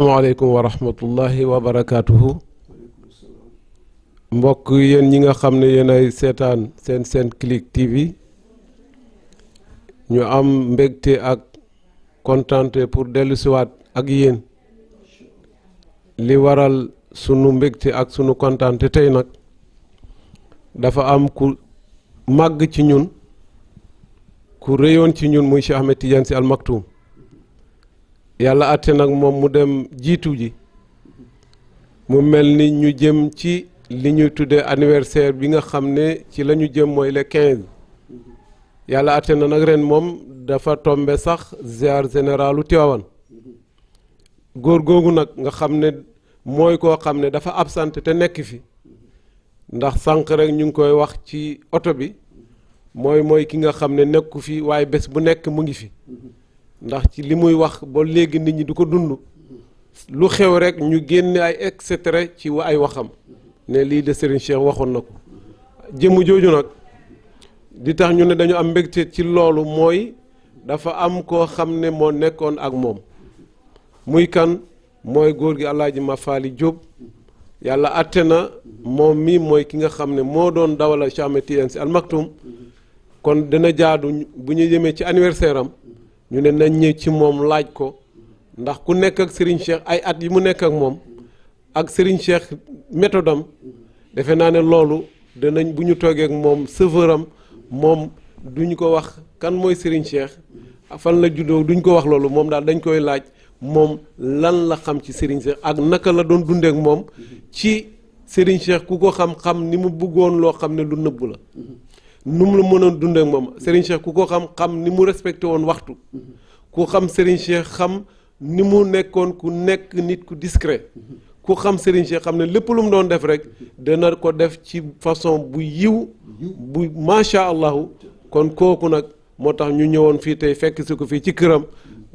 asalaamaaleykum wa rahmatullahi wa barakaatuhu mbokk yéen ñi nga xam ne yéen ay seetaan seen Senclic TV ñu am mbégte ak kontaante pour dellusiwaat ak yéen li waral sunu mbegte ak sunu kontaante tey nag dafa am ku màgg ci ñun ku réyoon ci ñun muy Cheikh Ahmed Tidiane Sy Al yàlla àtte nag moom mu dem jiitu ji mu mel ni ñu jëm ci li ñuy tuddee anniversaire bi nga xam ne ci la ñu jëm mooy le quinze yàlla àtte na nag ren moom dafa tombe sax ziar généralu Tiwaawan góor googu nag nga xam ne mooy koo xam ne dafa absent te nekk fi ndax sànq rek ñu ngi koy wax ci oto bi mooy mooy ki nga xam ne nekku fi waaye bés bu nekk mu ngi fi ndax ci li muy wax ba léegi nit ñi du ko dund lu xew rek ñu génne ay et ci ay waxam ne lii de Serigne Cheikh waxoon na ko jëmm jooju nag di tax ñu ne dañu am mbégte ci loolu mooy dafa am koo xam ne moo nekkoon ak moom muy kan mooy góor gi Alaaji Mafali Diop yàlla atte na moom mii mooy ki nga xam ne moo doon dawala Cheikh Ahmed Tidiane Sy Al kon dana jaadu bu ñu yemee ci anniversaire ñu ne nañ ñëw ci moom laaj ko ndax ku nekk ak Serigne Cheikh ay at yi mu nekk ak moom ak Serigne Cheikh méthode am defe naa ne loolu danañ bu ñu toogee moom sëfër am moom duñu ko wax kan mooy Serigne Cheikh fan la juddoo duñu ko wax loolu moom daal dañ koy laaj moom lan la xam ci Serigne Cheikh ak naka la doon dundeek moom ci Serigne Cheikh ku ko xam-xam ni mu bëggoon loo xam ne lu nëbb la. nu mu la mënoon dund ak moom Serigne Cheikh ku ko xam xam ni mu respecté woon waxtu ku xam Serigne Cheikh xam ni mu nekkoon ku nekk nit ku discret ku xam Serigne Cheikh xam ne lépp lu mu doon def rek dana ko def ci façon bu yiw bu macha allahu kon kooku nag moo tax ñu ñëwoon fii tey fekk si ko fii ci këram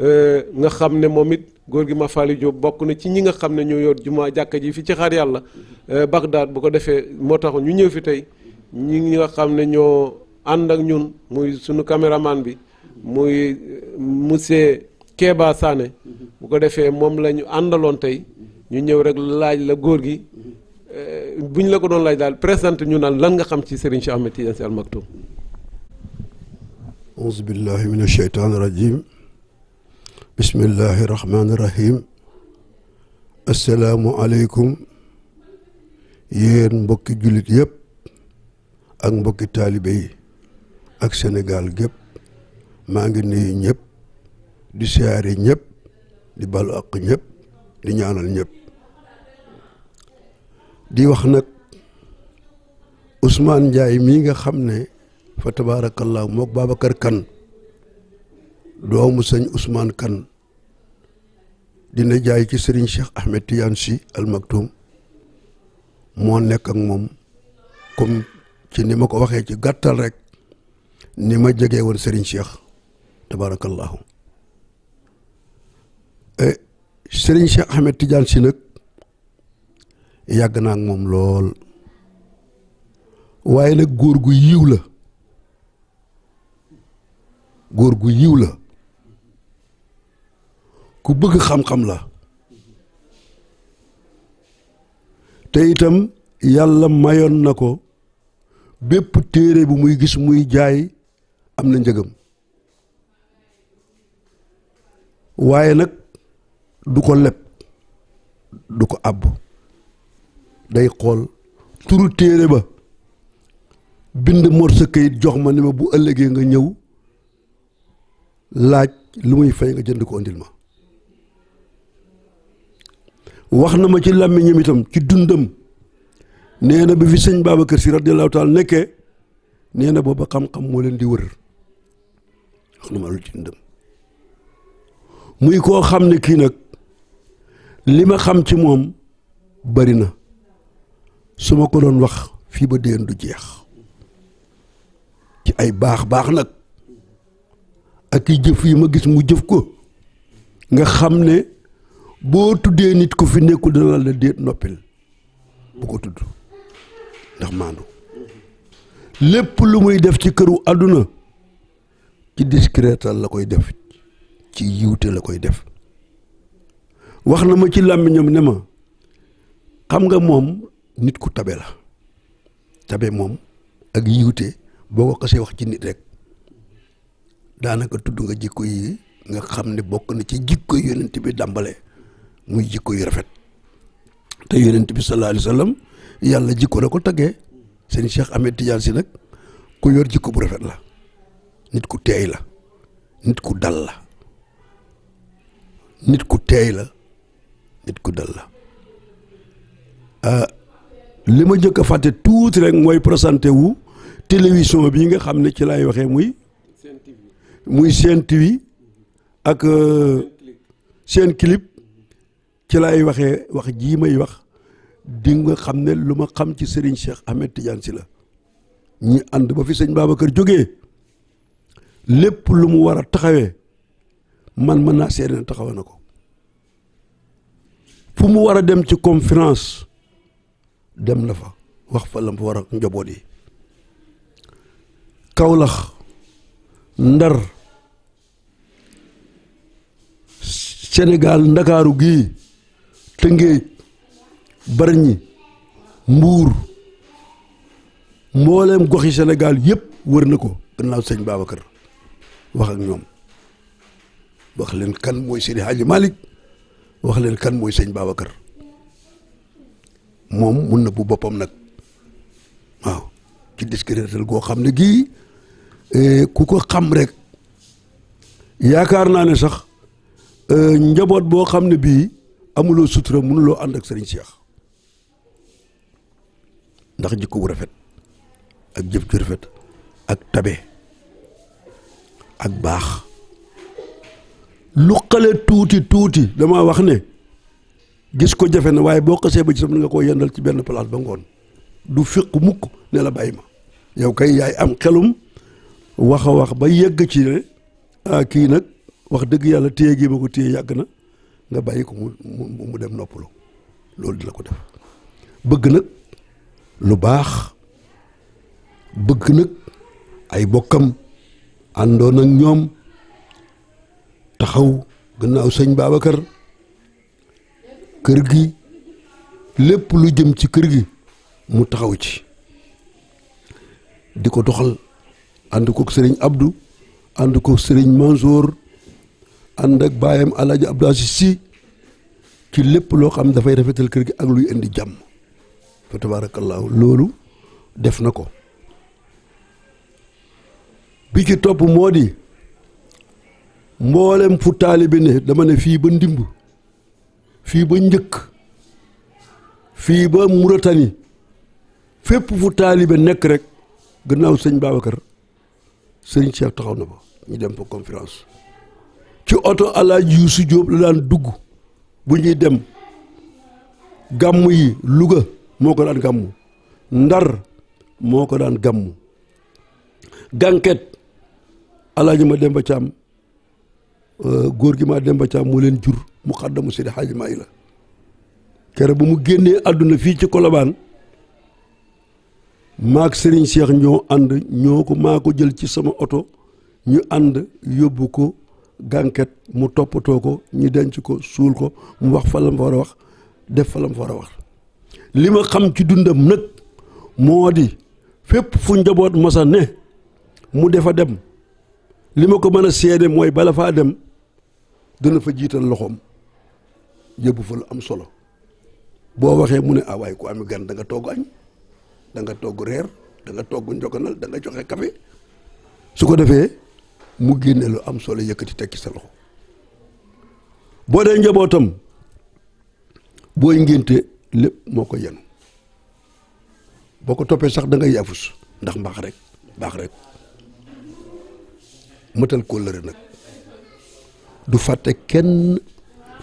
euh, nga xam ne moom it góor gi Mafali Diop bokk na ci ñi nga xam ne ñoo yor jumaa jàkka ji fii ci xaar yàlla euh, Bagdad bu ko defee moo tax ñu ñëw fi tey. ñi nga xam ne ñoo ànd ak ñun muy sunu caméraman bi muy euh, monsieur Kéba Sané bu ko defee moom la ñu àndaloon tey ñu ñëw rek laaj la góor gi euh, bu ñu la ko doon laaj daal présenté ñu naan lan nga xam ci Serigne Cheikh Ahmed Tidiane Sy Al Maktoum auzu billahi min asheytaan rajim bismillahi rahmaani rahim asalaamualeykum yéen mbokki jullit yëpp ak mbokki taalibe yi ak Sénégal gépp maa ngi nuyu ñëpp di siyaare ñëpp di balu ak ñëpp di ñaanal ñëpp di wax nag Ousmane Ndiaye mii nga xam ne fa tabaarakallaahu mook Babacar Kane doomu sëñ Ousmane Kane dina jaay ki Serigne Cheikh Ahmed Tidiane Sy Al Maktoum moo nekk ak moom comme ci ni ma ko waxee ci gàttal rek ni ma jegee woon Serigne Cheikh tabaarakallaahu e, Serigne Cheikh Ahmed Tidiane si nag yàgg naa moom lool waaye nag góor gu yiw la góor gu yiw la ku bëgg xam-xam la te itam yàlla mayoon na ko bépp téere bu muy gis muy jaay am na njëgam waaye nag du ko leb du ko àbb day xool turu téere ba bind mor sa kayit jox ma ni ma bu ëllëgee nga ñëw laaj lu muy fay nga jënd ko andil ma wax na ma ci làmmiñam itam ci dundam nee na bi fi sëñ Babacar si radiyallahu taala nekkee nee na booba xam-xam moo leen di wër wax na ma muy koo xam ne kii nag li ma xam ci moom bari na su ma ko doon wax fii ba déen du jeex ci ay baax-baax nag ak i jëf yi ma gis mu jëf ko nga xam ne boo tuddee nit ku fi nekkul dana la déet noppil bu ko tudd ndax maandu lépp lu muy def ci këru àdduna ci discrétal la koy def ci yiwte la koy def wax na ma ci làmmiñam ne ma xam nga moom nit ku tabe la tabe moom ak yiwte boo ko xasee wax ci nit rek daanaka tudd nga jikko yi nga xam ne bokk na ci jikko yonent bi dàmbale muy jikko yu rafet te yonent bi sallallahu alayhi wa sallam yàlla jikko la ko tëggee sëñ Cheikh Ahmed Tidiane si nag ku yor jikko bu rafet la nit ku teey la nit ku dal la nit ku teey la nit ku dal la euh, li ma njëkk a fàtte tuuti rek mooy présenté wu télévision bi nga xam ne ci lay waxee muy muy Sen TV ak euh, seen kilip ci lay waxee wax jii may wax di nga xam ne lu ma xam ci Serigne Cheikh Ahmed Tidiane si la ñi ànd ba fi baaba kër jógee lépp lu mu war a taxawee man mën naa seede na taxawe na ko fu mu war a dem ci conférence dem na fa wax fa la mu war a njaboot yi Kawlax Ndar senegal Ndakaaru gii Tëngéej Bargny Mbuur mbooleem gox yi Sénégal yëpp wër na ko gannaaw sëñ Babacar wax ak ñoom wax leen kan mooy Seydi Hadji Malick wax leen kan mooy sëñ Babacar moom mun na bu boppam nag waaw ci discrétal goo xam ne gii eh, ku ko xam rek yaakaar naa ne sax eh, njaboot boo xam ne bii amuloo sutura mënuloo ànd ak sëriñ Cheikh ndax jikko bu rafet ak jëf ju rafet ak tabe ak baax lu xale tuuti tuuti damaa wax ne gis ko jafe na waaye boo xasee ba ji sam nga koo yendal ci benn place ba ngoon du fiq mukk nela la bàyyi ma yow kay yaay am xelum wax a wax ba yegg ci ne ah, kii nag wax dëgg yàlla téye gi ma ko téye yàgg na nga bàyyi ko mu mu mu dem noppalu loolu di la ko def bëgg nag lu baax bëgg nag ay bokkam àndoon ak ñoom taxaw gannaaw sëñ Babacar kër gi lépp lu jëm ci kër gi mu taxaw ci di ko doxal ànd kook sëriñ abdu ànd kook sëriñ Mansour ànd ak baayam Alaaji Abdou Aziz Si ci lépp loo xam dafay rafetal kër gi ak luy indi jàmm fa tabaarakallaahu loolu def na ko bi ci topp moo di mboolem fu taalibe ne dama ne fii ba ndimb fii ba njëkk fii ba muratani fépp fu taalibe nekk rek gannaaw sëñ Babacar sëñ Cheikh taxaw na ba ñu dem fa conférence ci oto Alaaji Yuusu Jóob la daan dugg bu ñuy dem gàmm yi luga moo ko daan gàmmu ndar moo ko daan gammu gànket alaaji ma demba caam euh, góor gi ma demba caam moo leen jur mu xaddamu sidi xaaji maay la kere bu mu génnee àdduna fii ci kolobaan maak sëriñ Cheikh ñoo ànd ñoo ko maa ko jël ci sama oto ñu ànd yóbbu ko gànket mu toppatoo ko ñu denc ko suul ko mu wax fa war a wax def fa war a wax li ma xam ci dundam nag moo di fépp fu njaboot masa ne mu defa dem li ma ko mën a seede mooy bala faa dem dana fa jiital loxoom yóbbu fa lu am solo boo waxee mu ne ah waaye ku am gan da nga togg añ danga togg reer da nga togg njoganal da nga joxe café su ko defee mu génne lu am solo yëkkati tekki sa loxo boo dee njabootam booy ngénte lépp moo ko yenu boo ko toppee sax dangay ngay yaafus ndax mbaax rek baax rek mëtal kóllëre nag du fàtte kenn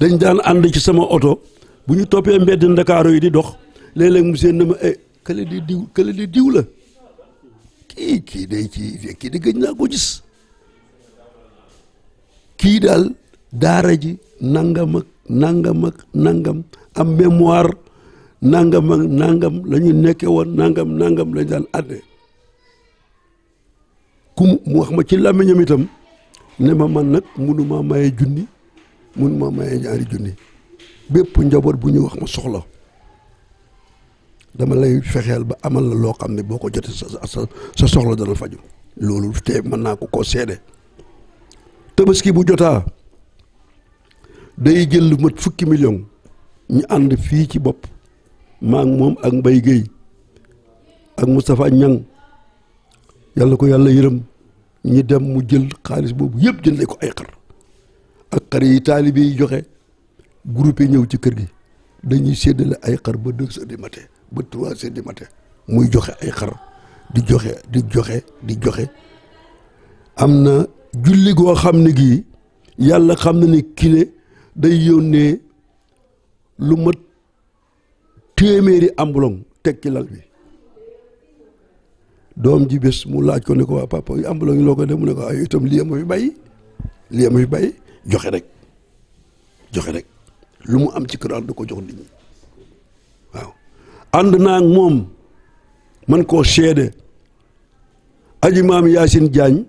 dañ daan ànd ci sama oto bu ñu toppee mbedd ndakaaro yi di dox léeg mu seen na ma e diw la kii kii day ci kii di gëj naa ko kii daal daara ji nangam ak nangam ak nangam am mémoire nangam ak nangam la nekke woon nangam nangam lañ daan àdde ku wax ma ci làmmiñam itam ne ma man nag munuma maye junni munuma maye ñaari junni bépp njaboot bu ñu wax ma soxla dama lay fexeel ba amal la loo xam ne boo ko jotee sa sa soxla dana faju loolu te mën naa ko koo seede tabaski bu jotaa day jël lu mat fukki million ñu ànd fii ci bopp maak moom ak mbay Guèye ak mustafa ñan yàlla ko yàlla yërëm ñi dem mu jël xaalis boobu yëpp jëndee ko ay xar ak xar yi taalibe yi joxe groupe yi ñëw ci kër gi dañuy séddale ay xar ba deux heures du matin ba trois heures du matin muy joxe ay xar di joxe di joxe di joxe am na julli goo xam ne gii yàlla xam na ne kile day yónnee lu mat téeméeri ambulong teg ci lal bi doom ji bés mu laaj ko ne waa papa yi ambulong yi loo ko def mu ne ko ay ah, itam lii ma fi bàyyi lii ma fi bàyyi joxe rek joxe rek lu mu am ci kër du ko jox nit ñi waaw ànd naa ak moom man koo seede aji maam Yacine Diagne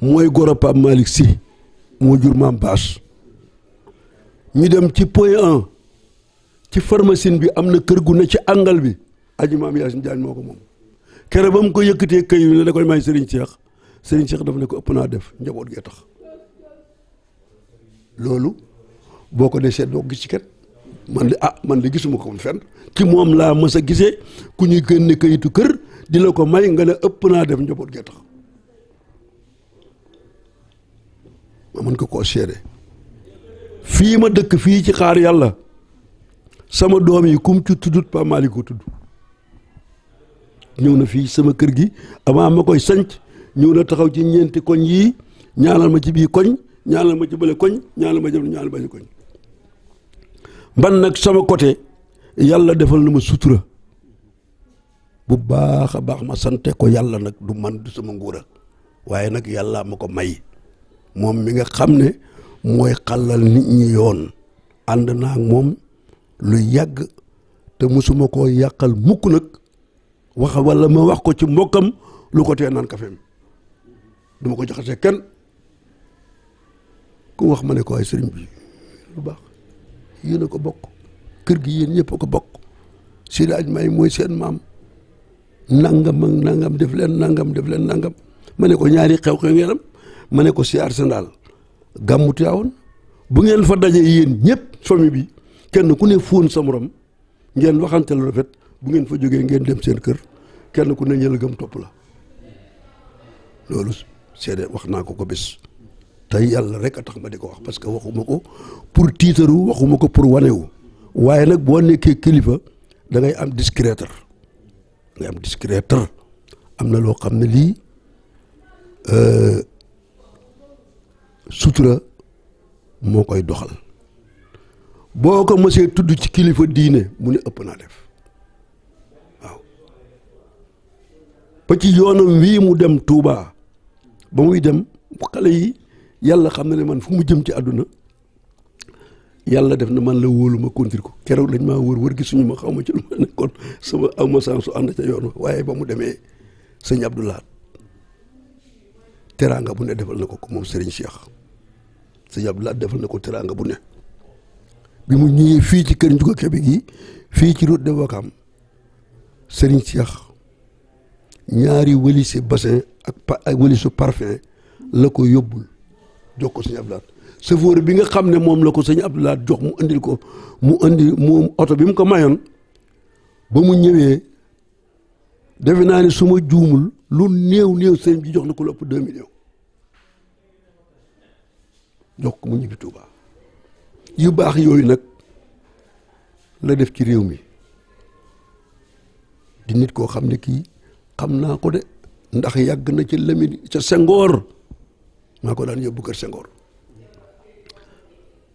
mooy goro Pape Malick Sy moo jur maam Baas ñu dem ci point 1 ci pharmacie bi am na kër gu ne ci àngal bi aji maam Yacine Diagne moo ko moom kere ba mu ko yëkkatee këy yu ne da koy may Serigne Cheikh Serigne Cheikh daf ne ko ëpp naa def njaboot gee tax loolu boo ko desee doo gis ci ah, man de gisuma ko fenn ci moom laa mës gisee ku ñuy génne këyitu kër di la ko may nga ne ëpp naa def ma mën ko koo seede fii ma dëkk fii ci xaar yàlla sama doom yi kum ci tuddut Pape Malick ko tudd ñëw na fii sama kër gi avant ma koy sanc ñëw na taxaw ci ñeenti koñ yii ñaanal ma ci bii koñ ñaanal ma ci bële koñ ñaanal ma jëm ñaanal ma ci koñ man nag sama côté yàlla defal na ma sutura bu baax a baax ma sante ko yàlla nag du man du sama nguura waaye nag yàlla ma ko may moom mi nga xam ne mooy xàllal nit ñi yoon ànd naa ak moom lu yàgg te musuma koo yàqal mukk nag wax walla ma wax ko ci mbokkam lu ko tee naan kafeem du ma ko joxasee kenn ku wax ma ne ko ay sëriñ bi lu baax ko bokk kër gi yéen ñëpp ko bokk si laaj may mooy seen maam nangam ak nangam def leen nangam def leen nangam ma ne ko ñaari xew-xew ngeen ma ne ko si Arsenal gàmmu Tiwaawan bu ngeen fa daje yéen ñëpp famille bi kenn ku ne fóon sa morom ngeen waxante la rafet bu ngeen fa jógee ngeen dem seen kër kenn ku ne ñëla gëm topp la loolu seede wax naa ko ko bés tey yàlla rek a tax ma di ko wax parce que waxuma ko pour tiitaru waxuma ko pour wanewu waaye nag boo nekkee kilifa da ngay am discréteur da ngay am discréteur am na loo xam ne lii euh, sutura moo koy doxal boo ko mësee tudd ci kilifa diine mu ne ëpp naa def waaw ba ci yoonam wii mu dem tuubaa ba muy dem xale yi yàlla xam na ne man fu mu jëm ci àdduna yàlla def na man la wóolu ma kontir ko keroog lañ maa wër wër gisuñu ma xaw ma ci lu ma nekkoon sama aw su ànd ca yoon waaye ba mu demee sëñ Abdoulaat teraanga bu ne defal na ko ko moom Serigne Cheikh sëñ Abdoulaat defal na ko teraanga bu ne. bi mu ñëwee fii ci kër Ndiouga Kébé gi fii ci route de Wakam sëriñ Cheikh ñaari wëlisi bassin ak pa ay wëlisu la ko yóbbul jox ko sëñ Abdoulaye sëfoor bi nga xam ne moom la ko sëñ Abdoulaye jox mu indil ko mu indi moom oto bi mu ko mayoon ba mu ñëwee defe naa ni su ma juumul lu néew néew sëriñ bi jox na ko lu ëpp deux millions jox ko mu ñibbi Touba. yu baax yooyu nag la def ci réew mi di nit koo xam ne kii xam naa ko de ndax yàgg na ci Lamine ca sengoor maa ko daan yóbbu kër Senghor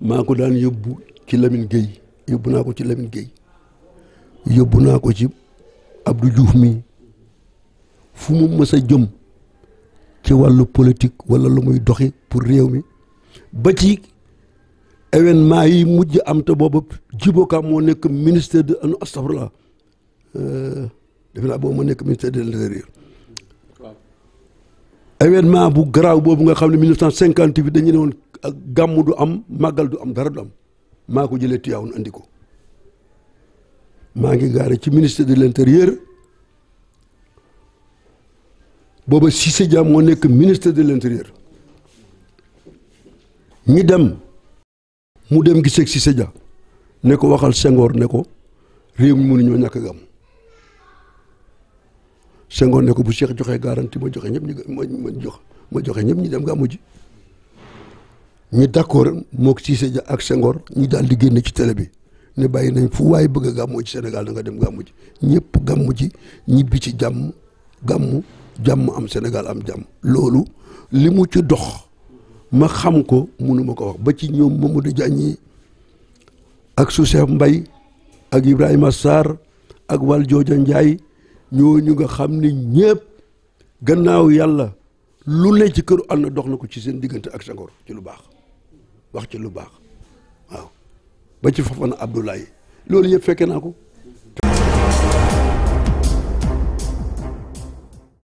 maa ko daan yóbbu ci Lamine Gueye yóbbu naa ko ci Lamine Gueye yóbbu naa ko ci Abdou Diouf mi fumu mu mës a jëm ci wàllu politique wala lu muy doxi pour réew mi ba ci événement yi mujj am te boobu Djibo Ka moo nekk ministre de an astafurlah euh, defe naa boobu moo nekk ministère de l'intérieur événement bu garaaw boobu nga xam ne 1958 dañu ne woon gàmmu du am màggal du am dara du am maa ko jëlee Tivaouane andi ko maa ngi gaare ci ministère de l'intérieur booba Cissé Dia moo nekk ministre de l'intérieur ñi dem. mu dem gisee si Cissé ne ko waxal sengoor ne ko réew mu mënuñoo ñàkk a am Senghor ne ko bu Cheikh joxe garanti ma joxe ñëpp ñu ma jox ma joxe ñëpp ñu dem gàmmu ji ñu d'accord moog Cissé Dia ak sengoor ñi daal di génne ci télé bi ne bàyyi nañ fu waaye bëgg a gàmmu ci Sénégal da nga dem gàmmu ji ñëpp gammu ji ñibbi ci jàmm gàmmu jàmm am senegal am jàmm loolu li mu ci dox. ma xam ko munuma ko wax ba ci ñoom di Diagne ak Soussef mbay ak Ibrahima Sarr ak Wal Jooja Njaay ñooñu nga xam ni ñëpp gannaaw yàlla lu ne ci këru ànd dox na ko ci seen diggante ak Senghor ci lu baax wax ci lu baax waaw ba ci Fofana Abdoulaye loolu yëpp fekke naa ko